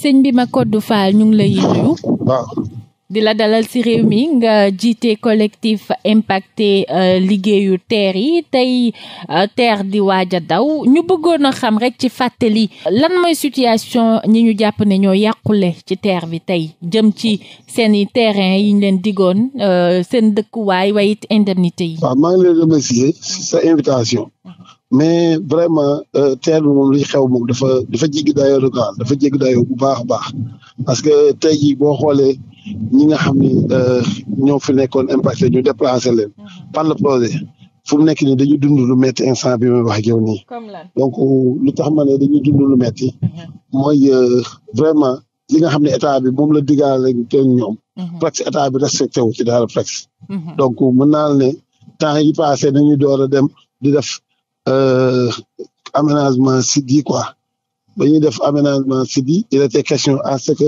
sëñ bi ma koddu Fall ñu ngi lay nuyu di la dalal ci réew mi nga jiite collectif impacté euh, liggéeyu teer yi tey euh, TER di waaja daw ñu bëggoon a xam rek ci fàttali lan mooy situation ñi ñu jàpp ne ñoo yàqule ci teer bi tey jëm ci seen terrain yi ñu leen digoon euh, seen dëkkuwaay waaye it indemnité yi. waaw maa ngi leen remercier ci sa invitation. mais vraiment euh, teer bi moom li xew moom dafa dafa jéggi dayoo de quoi dafa jéggi dayoo bu baax a baax parce que tey boo xoolee ñi nga xam ni euh, ñoo fi nekkoon impacté ñu déplacé leen mhm. par le projet fu mu nekk nii dañu dund lu metti instant bi may wax ak yow nii donc lu tax ma ne dañu dund lu metti mhm. mooy euh, vraiment li nga xam ne état bi moom la diggaale teen ñoom mhm. presque état bi respecté wu ci daal presque donc mën naa ne temps yi passé nañu door a dem di def Euh, aménagement site yi quoi ba ñuy def aménagement site yi il était question à ce que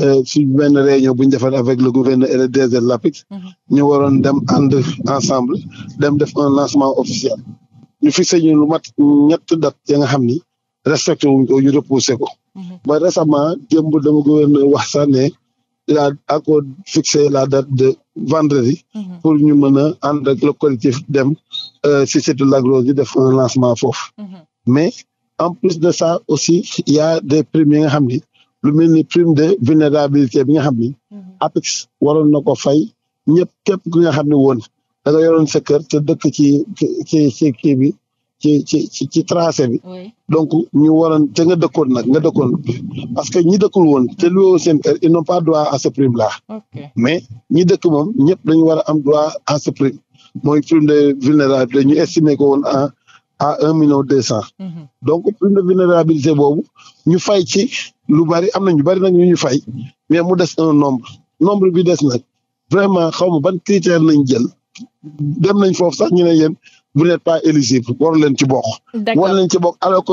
euh, suñ benn réunion bu ñu defoon avec le gouverneur et le DG l'APIX mhm. ñu waroon dem ànd ensemble dem def un lancement officiel ñu fixé ñu lu mat ñett date ya nga xam ni respecté wuñ ko ñu repoussé ko mhm. ba récemment gouverneur wax sax ne il a encore la date de vendredi mhm. pour ñu mën a ànd dem Euh, si surtout l'agro di def un lancement mhm. en plus de sa aussi ya y a des primes yi nga xam ni lu mel ni prime de vulnérabilité bi nga xam ni mhm. APEX waroon na ko fay ñëpp képp ku nga xam ne woon da yoroon sa kër te dëkk ci ci ci kii bi ci ci ci tracé bi donc ñu waroon te nga dëkkoon nga dëkkoon parce que ñi dëkkul woon te lu woon seen kër pas droit à ce prime là mais ñi dëkk moom ñëpp dañu war a am droit à ce mooy prime de vulnérabilité ñu estimé ko woon à à un million deux cent mhm. donc prime de vulnérabilité boobu ñu fay ci lu bari am na ñu bari nag ñu ñu fay mais mu des un nombre nombre bi des nag vraiment xaw ma ban critère nañ jël dem nañ foofu sax ñu ne yéen vous n'êtes pas éligible waru leen ci bokk waru leen ci bokk alors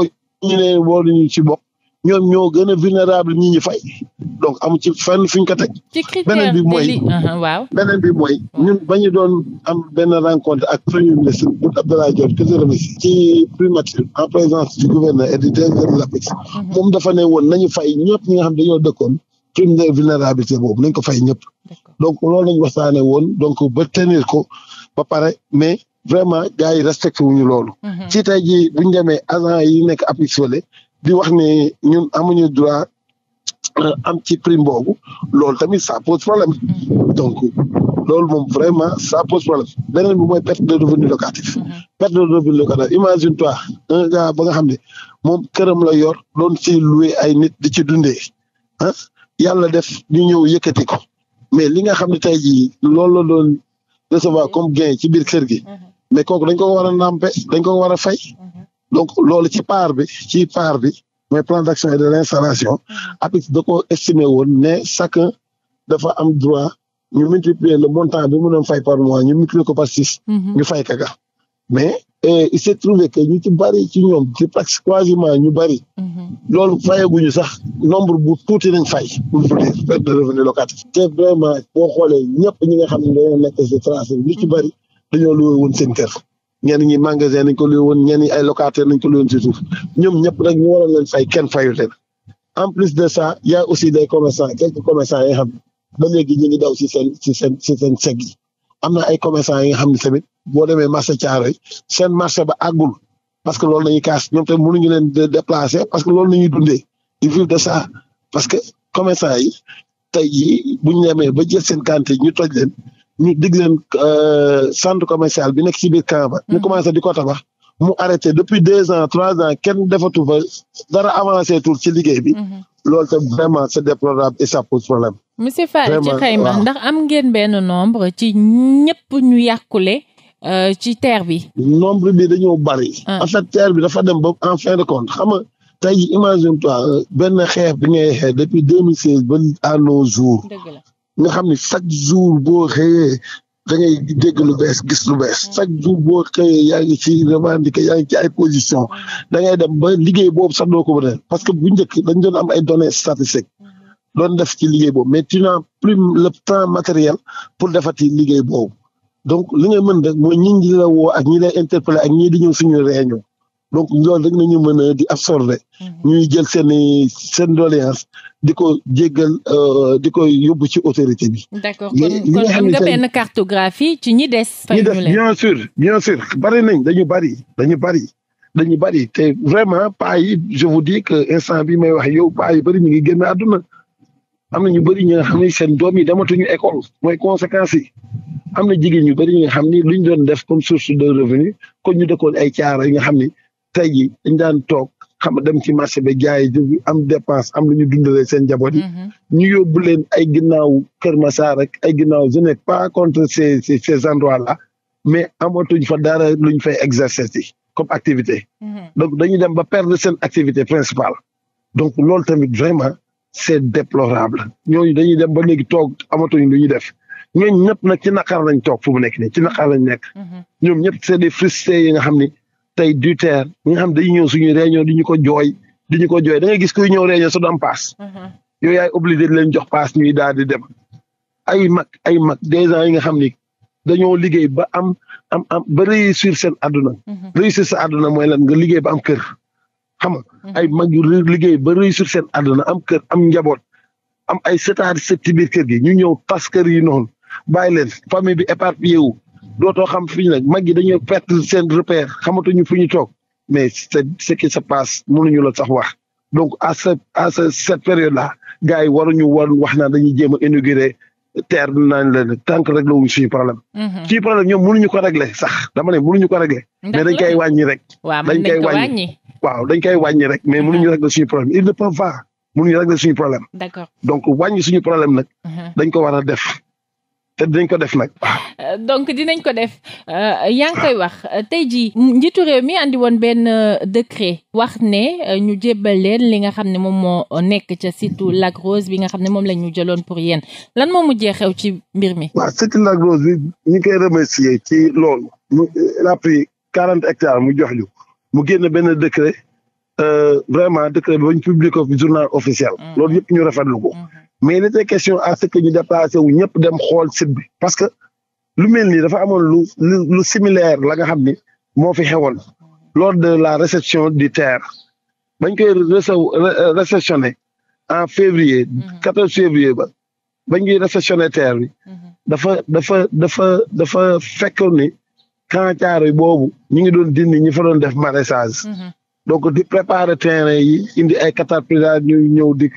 ñu ne waruñu ci bokk ñoom ñoo gën a vulnérable ñi ñu fay donc am ci fenn fi ñu ko teg. ci critère beneen bi mooy uh-huh, waaw. beneen bi mooy ñun ba doon am benn rencontre ak premier ministre Boun Abdallah Dionne que je remercie ci primature en présence du gouverneur et du directeur de l'APEX. Uh-huh. moom dafa ne woon nañu fay ñëpp ñi nga xam dañoo dëkkoon prime de vulnérabilité boobu nañ ko fay ñëpp. donc loolu lañu waxtaane woon donc ba tenir ko ba pare mais vraiment gars yi respecté wuñu loolu. Uh-huh. ci tey jii bu ñu demee agent yi nekk APEX di wax ne ñun amuñu droit am ci prime boobu loolu tamit ça pose problème mm-hmm. donc loolu moom vraiment ça pose problème beneen bi mooy perte de revenu locatif mm-hmm. perte de revenu locatif imagine toi un gars ba nga xam ne moom këram la yor doon ci loué ay nit di ci dunde ah yàlla def ñu ñëw yëkkati ko mais li nga xam ne tey jii loolu la doon recevoir comme gain ci biir kër gi mm-hmm. mais kooku dañ ko war a dañ ko war a donc lool ci par bi ci part bi mooy plan d'action et de l'installation mm-hmm. APIX da ko estimé woon ne chacun dafa am droit ñu multiplier le montant bi mu doon fay par mois ñu multiplier ko par six. Mm-hmm. ñu fay kaka mais euh, il s'est trouvé que ñu ci bari ci ñoom ci presque quasiment ñu bari. Mm-hmm. loolu fayaguñu sax nombre bu tuuti fay pour dire perte de revenu locatif. te vraiment boo xoolee ñëpp ñi nga xam ne dañoo nekk si tracé lu ci bari dañoo loué woon ñenn ñi magasin nañ ko luy woon ñenn ñi ay locataire nañ ko luy woon si suuf ñëpp nag ñu leen fay kenn fayu leen en plus de ça y aussi des commerçants quelques commerçants yi nga xam ba léegi ñu ngi daw si seen si seen si seen segg yi am na ay commerçants yi nga xam ne tamit boo demee marché Thiaroye seen marché ba àggul parce que loolu lañuy kaas ñoom tamit mënuñu leen de déplacer parce que loolu la ñuy dundee ils vivent de ça parce que commerçant yi tey jii bu ñu demee ba jël seen quantité ñu toj leen ñu dig leen euh, centre commercial bi nekk ci bi camp ba. ñu mm-hmm. commencé di ko tabax mu arrêté depuis deux ans trois ans kenn defatu fa dara avancé tuur ci liggéey bi. Mm-hmm. loolu tam vraiment c'est déplorable et ça pose problème. monsieur Fall ci xayma ndax am ngeen benn nombre ci ñëpp ñu yàqule euh, ci terre bi. nombre bi dañoo bari. Ah. en fait terre bi dafa dem ba en fin de compte xam nga tey imagine toi euh, benn xeex bi ngay xeex depuis deux mille seize ba à nos jours. nga xam ni chaque jour boo xëyee da ngay dégg lu bees gis lu bees mm. chaque jour boo xëyee yaa ngi ci revendiquer yaa ngi ci ay position mm. da dem ba liggéey boobu sax doo ko mën parce que bu njëkk dañ doon am ay données statistiques mm. doon def ci liggéey boobu mais tu n'as plus le temps matériel pour defati liggéey boobu donc li nga mën rek mooy ñi di ak ñi lay interpeller ak ñi di ñëw suñu réunion donc loolu rek nañu mën a di absorber mhm. ñuy jël seen seen doléance di ko jéggal euh, di koy yóbbu ci autorité bi. d'accord kon am nga benn cartographie ci ñi des. ñi des bien sûr bien sûr bari nañ dañu bari dañu bari dañu bari te vraiment paa yi je vous dis que instant bi may wax yow paa yi bari ñu ngi génn àdduna am na ñu bari ñi nga xam ne seen doom yi dematuñu école mooy conséquences yi. am na jigéen ñu bari ñi nga xam ni luñ doon def comme source de revenu kon ñu dëkkoon ay caara yi nga xam ni tey jii dañ daan toog xam dem ci marché bi jaay am dépense am lu ñu dundalee seen njaboot yi. Mhm. ñu yóbbu leen ay ginnaaw Kër Massar rek ay ginnaaw je n'ai pas contre ces ces ces endroits là mais amatuñ fa dara lu ñu fay exercer comme activité. Mhm. donc dañu dem ba perdre seen activité principale. donc loolu tamit vraiment c'est déplorable ñooñu dañuy dem ba léegi toog amatuñ lu ñuy def. ñooñu ñëpp nag ci naqar lañ toog fu mu nekk nii ci naqar lañ nekk. Mhm. ñoom ñëpp c'est des yi nga tey Duterte ñi nga xam dañuy ñëw suñuy di ñu ko jooy di ñu ko jooy da nga gis kuy ñëw paas. Mm-hmm. yow yaay di jox paas ñuy daal dem. ay mag ay mag des ans yi nga xam ni dañoo liggéey ba am am am ba réussir seen àdduna. Mm-hmm. réussir sa àdduna mooy la nga liggéey ba am kër. xam nga mm-hmm. ay mag yu liggéey ba réussir seen àdduna am kër am njaboot am ay setaar set ci biir kër gi ñu ñëw tas kër yi noonu bàyyi leen bi éparpillé wu dootoo xam fi ñu ne mag yi dañuy perte seen repère xamatuñu fu ñu toog mais c'est ce qui se passe ñu la sax wax donc a ce à ce cette période là gars yi waruñu war wax naa dañuy jéem a inaugurer terre na la tant que réglé wuñ suñu problème. Mm-hmm. suñu problème ñoom mënuñu ko régler sax dama ne ñu ko régler. mais dañ koy wàññi rek. dañ koy wàññi waaw dañ koy wàññi rek mais mënuñu mm-hmm. régler suñu problème ils ne peuvent pas mënuñu régler suñu problème. donc wàññi suñu problème nag. Mm-hmm. dañ ko war a def. te dinañ ko def nag. Ah. Euh, donc dinañ ko def euh, yaa ngi koy ah. wax euh, tey ji njiitu réew mi andi woon benn décret wax ne ñu jébbal leen li nga xam ne moom moo nekk ca surtout Lac Rose bi nga xam ne moom la ñu jëloon pour yéen lan moo mujjee xew ci mbir mi. wa surtout Lac Rose bi ñu koy remercier ci lool mu il a quarante hectares mu jox ñu mu génn benn décret. Euh, vraiment décret bi bañ publié ko journal officiel. Mm-hmm. loolu yëpp ñu rafetlu ko. Mm-hmm. mais il était question à ce que ñu déplacé wu ñëpp dem xool site bi. parce que lu mel nii dafa amoon lu lu similaire la nga xam ni moo fi xewoon lors de la réception du TER bañ koy euh, réceptionné en février. 14 mm-hmm. février ba bañ koy réceptionné TER bi. dafa dafa dafa dafa fekkoon ni. Kàncaaroy boobu ñu ngi doon dindi ñi def maraîchage. donc di préparer terrain yi indi ay catapillar ñuy ñëw di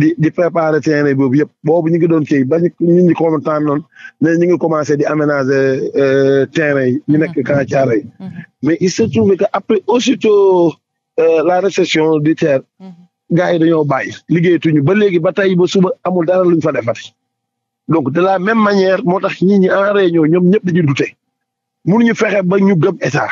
di di préparer terrain yi boobu yëpp boobu ñu ngi doon kii ba ñu ñu ngi commencé noonu mais ñu ngi commencé di aménager euh, terrain yi ñu nekk Grand yi mm-hmm. Mm-hmm. mais il se trouve que après aussitôt euh, la récession du terre mm-hmm. gars yi dañoo bàyyi liggéeyatuñu ba léegi ba tey ba suba amul dara luñ fa defati donc de la même manière moo tax ñi ñi en réunion ñoom ñëpp dañuy dute mënuñu fexe ba ñu gëm état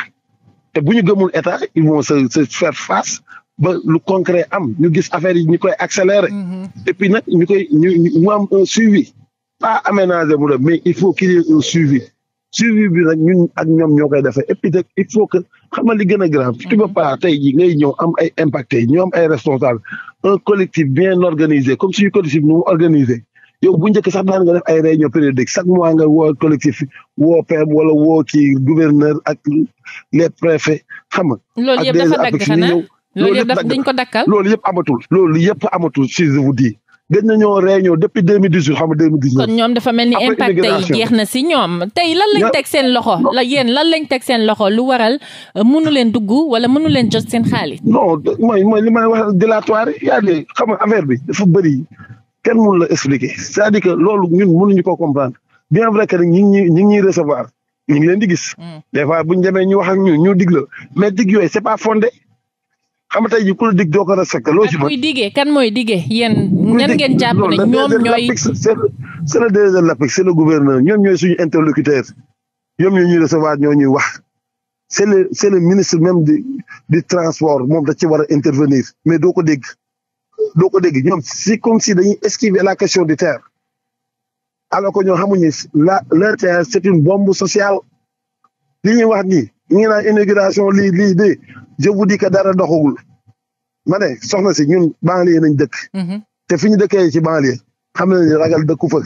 te bu ñu gëmul état ils se se faire face ba lu concret am ñu gis affaire yi ñu koy accélérer. Mm-hmm. et puis nag ñu koy ñu mu am un suivi. pas aménager mu dem mais il faut qu'il suvi ait un suivi suivi bi nag ñun ak ñoom ñoo koy defee et puis nag il faut que xam nga li gën a grave. tu peux tey jii ngay ñëw am ay impacté ñu am ay responsable un collectif bien organisé comme suñu collectif nu organiser yow bu njëkk sax daan nga def ay réunion périodique chaque mois nga woo collectif woo PM wala woo kii gouverneur ak le préfets xam nga. loolu yëpp dafa dagg xanaa loolu yëpp dañ ko dakkal loolu yëpp amatul. loolu yëpp amatul si je vous gën nañoo réunion depuis deux mille dix huit xam nga deux mille dix neuf kon ñoom dafa mel ni impact yi jeex na si ñoom tey lan lañ teg seen loxo la yéen lan lañ teg seen loxo lu waral euh, mënu leen dugg wala mënu leen jot seen xaalis. non mooy mooy li may wax dilatoire yaa ngi xam nga affaire bi dafa bëri kenn mënu la expliquer c'est-à-dire que loolu ñun mënuñu ko comprendre bien vrai que nag ñi ngi ñi ngi ñuy recevoir ñu ngi leen di gis. Hmm. des fois bu ñu demee ñu wax ak ñu ñu dig mais dig yooyu c'est pas fondé xam nga tey jii ku la dig doo ko respecté loo ci mën. kan mooy diggee kan mooy diggee yéen. ñan ngeen jàpp ne ñoom ñooy c'est ñoom ñooy suñu interlocuteur ñoom ñoo ñuy recevoir ñoo ñuy wax. c'est le c'est ministre même du du transport moom da ci war a intervenir mais doo ko dégg. doo ko dégg ñoom c'est comme si dañuy la question du terre alors que ñoo la leur terre c'est une bombe sociale li ñuy wax nii ñu ngi lii lii de je vous dis dara doxagul ma ne soxna si ñun banlieue nañ dëkk mhm. te fi ñu dëkkee ci banlieue xam nañ ragal dëkku fa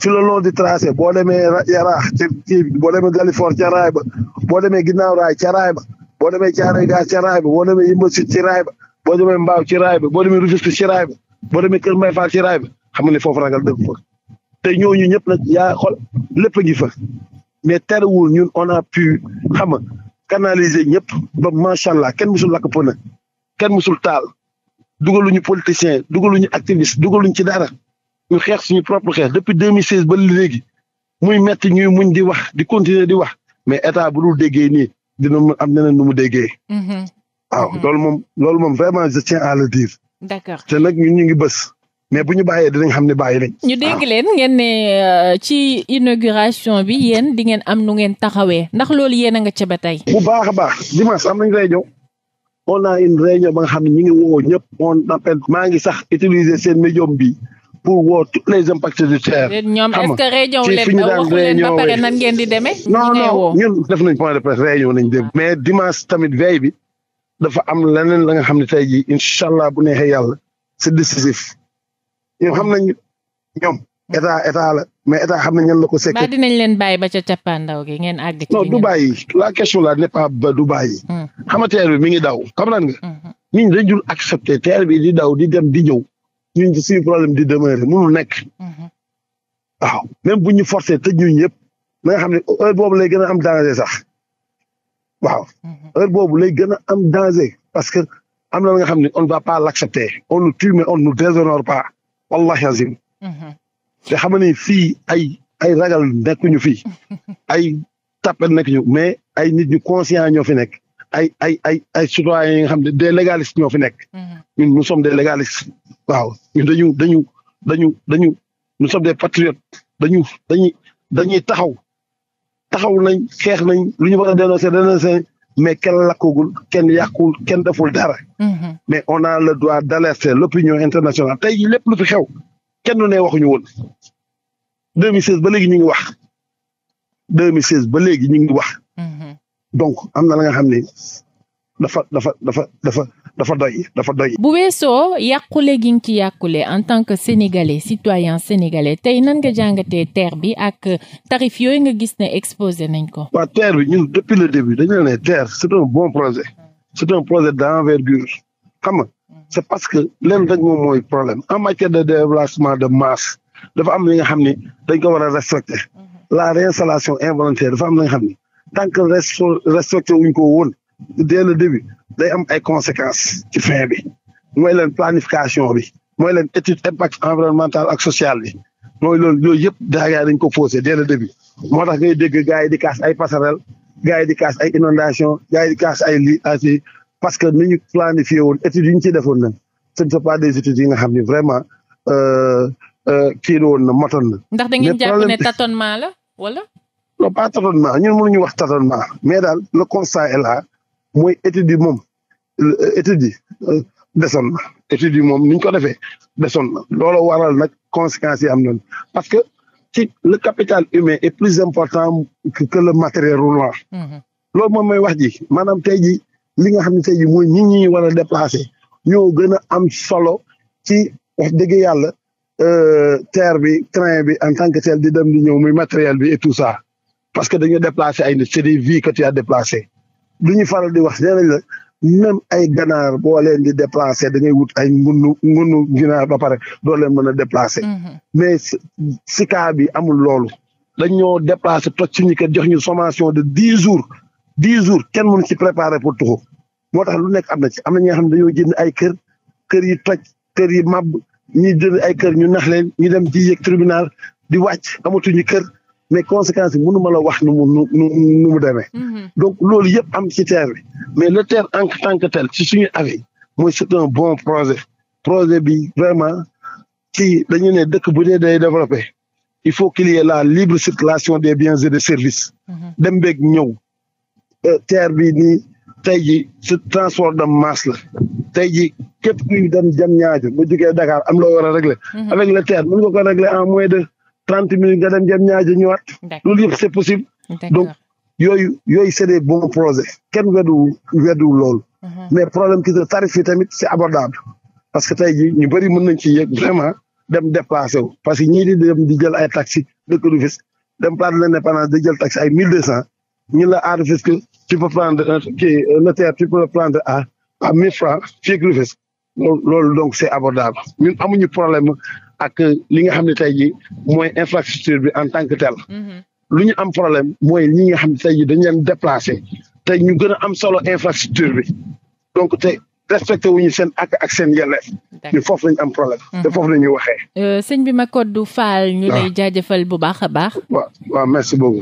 ci la long di tracé boo demee yaraax ci ci boo demee Dalifort ca raay ba boo demee ginnaaw raay ca raay ba boo demee ba boo demee ba boo demee mbaaw ci raay bi boo demee Rufisque ci raay bi demee Kër May Fall ci raay bi xam nga ne foofu ragal dëgg fa te ñooñu ñëpp nag yaa xool lépp a ngi fa mais terewul ñun on a pu xam nga canaliser ñëpp ba macha allah kenn musul lakk pënë kenn musul taal dugaluñu politicien dugaluñu activiste dugaluñu ci dara ñu xeex suñu propre xeex depuis 2016 ba léegi muy metti ñu muñ di wax di continuer di wax mais état bu dul déggee nii dina am neneen nu mu déggee. Mm-hmm. waaw mm-hmm. loolu moom loolu moom vraiment je tiens à le dire. d'accord te nag ñu ngi bës. mais bu ñu bàyyee dinañ xam ne bàyyi nañ. ñu dégg leen ngeen ne euh, ci inauguration bi yéen di ngeen am nu ngeen taxawee ndax loolu yéen a nga ca ba tey. bu baax a baax dimanche am nañ réunion. on a une réunion ba nga xam ne ñu ngi woo ñëpp on appelle. maa ngi sax utiliser seen médium bi pour woo tous les impacts du terre. ñoom est-ce que réunion leen ba pare nan ngeen di demee. non non ñun def nañ point de presse réunion nañ dem. Ah. mais dimanche tamit veille bi. dafa am leneen la nga xam ne tey jii incha allah bu neexee yàlla c'est décisif ñoom xam na ñoom état état la mais état xam nañ ñan la ko sekk. mbaa dinañ leen bàyyi ba ca cappaandaw gi ngeen du bàyyi la question là n'est ba du bàyyi. Hmm. xam nga bi mi ngi daw comprendre nga. nit hmm. ñi dañ dul accepter bi di daw di dem di ñëw ñun ci problème di demeurer mënul nekk. Hmm. waaw même bu ñu forcer te ñu ñëpp na nga xam ne boobu lay gën am danger sax. waaw mhm. heure boobu lay gën a am danger parce que am na nga xam ne on va pas l' accepter on nous tue mais on nous wallahi azim mhm. te xam ne fii ay ay ragal nekkuñu fii ay tappel nekkuñu mais ay nit ñu conscient ñoo fi nekk ay ay ay ay citoyens yi nga xam ne des légalistes ñoo fi nekk mhm. ñun nous sommes des légalistes waaw ñun dañu dañu dañu dañu nous sommes des dañu dañuy dañuy taxaw taxaw nañ xeex nañ lu ñu war a dénoncer dénoncer mais kenn lakkugul kenn yàqul kenn deful dara. Mm-hmm. mais on a le droit d'alerter l'opinion internationale tey jii lépp lu fi xew kenn du ne waxuñu woon 2016 ba léegi ñu ngi wax 2016 ba léegi ñu ngi wax. Mm-hmm. donc am na la nga xam ne dafa dafa dafa dafa. dafa doy dafa doy. bu weesoo yàqule gi nga ci yàqule en tant que sénégalais citoyen sénégalais tey nan nga jàngatee TER bi ak tarif yooyu nga gis ne exposé nañ ko. waaw TER bi ñun depuis le début dañu ne TER c'est un bon projet. c'est un projet d'envergure xam c'est parce que leen rek moom mooy problème en matière de déplacement de masse dafa am li nga xam ni dañ ko war a respecter la réinstallation involontaire dafa am li nga xam ni tant que respecté wuñ ko woon dès le début day am ay conséquence ci fin bi mooy leen planification bi mooy leen étude impact environnemental ak social bi mooy loolu yooyu yëpp daagaay dañ ko posé dès le début moo tax ngay dégg gars yi di kaas ay passerelle gars yi di kaas ay inondation gars di kaas ay li asi parce que ni ñu planifier woon études yi ñu ci defoon nañ ce ne sont pas des études yi nga xam ni vraiment euh, euh, kii la woon na motoon na. ndax da ngeen jàpp ne tâtonnement la wala. non pas tâtonnement ñun mënuñu wax tâtonnement mais daal le constat est mooy étude yi moom euh, étude yi euh, desoon na étude yi moom ni ko defee desoon na looloo waral nag conséquences yi am noonu parce que ci le capital humain et plus important que le matériel roulant. Mm-hmm. loolu moom mooy wax ji maanaam tey ji li nga xam ne tey ji mooy ñi ñi war a déplacer ñoo gën a am solo ci wax dëgg yàlla euh, terre bi train bi en tant que tel di dem di ñëw muy matériel bi et tout ça parce que dañoo déplacer ay nit c'est des vies que tu as déplacé du ñu faral di wax nee nañ la ay ganaar boo leen di déplacer da wut ay ngunu ngunu ginaar ba pare doo leen mën a déplacer. Mm-hmm. mais si bi amul loolu. dañoo déplacer toj suñu kër jox ñu somation de dix jours dix jours kenn mu ci préparer pour tuxu moo tax lu nekk am na ci am na ñi xam ne dañoo jënd ay kër kër yi toj kër yi màbb ñi jënd ay kër ñu nax leen ñu dem ci yëg tribunal di wàcc amatuñu kër. mais conséquence bi mënuma la wax nu mu nu nu mu demee. Mhm. donc loolu yëpp am ci TER bi mais le TER en tant que tel suñu avis mooy c'est un bon projet projet bi vraiment ci dañu ne dëkk bu dee day développé il faut qu'il y la libre circulation des biens et des services. Mhm. dem beeg ñëw euh, TER bi ni tey ji ci transport de masse la tey ji képp kuy dem jam ñaajo bu jógee Dakar am loo war a régler. Mhm. avec le TER ko régler en moins de. trente minutes nga dem jëm ñaaja ñëwaat. loolu yëpp c'est possible. donc yooyu yooyu c'est des bons projets kenn weddu weddu loolu. Mhm. mais problème ki de tarif yi tamit c'est abordable. parce que tey jii ñu mën nañ ci yëg vraiment dem déplacé wu parce que ñi di dem di jël ay taxi dëkk Rufisque dem place de l'Indépendance di jël taxi ay mille deux cent ñu la à Rufisque tu peux mille francs fii ak Rufisque loolu donc c'est abordable amuñu problème ak li nga xam ne tey jii mooy infrastructure bi en tant que tel. Mm-hmm. lu ñu am problème mooy ñi nga xam ne tey dañ dañu leen déplacé te ñu gën a am solo infrastructure bi donc te respecté wuñu seen ak ak seen yelleef ñu foofu lañu am problème te mm-hmm. foofu la ñuy waxee euh, sëñ bi Macodou Fall ñu ah. lay jaajëfal bu baax a baax wa wa merci beaucoup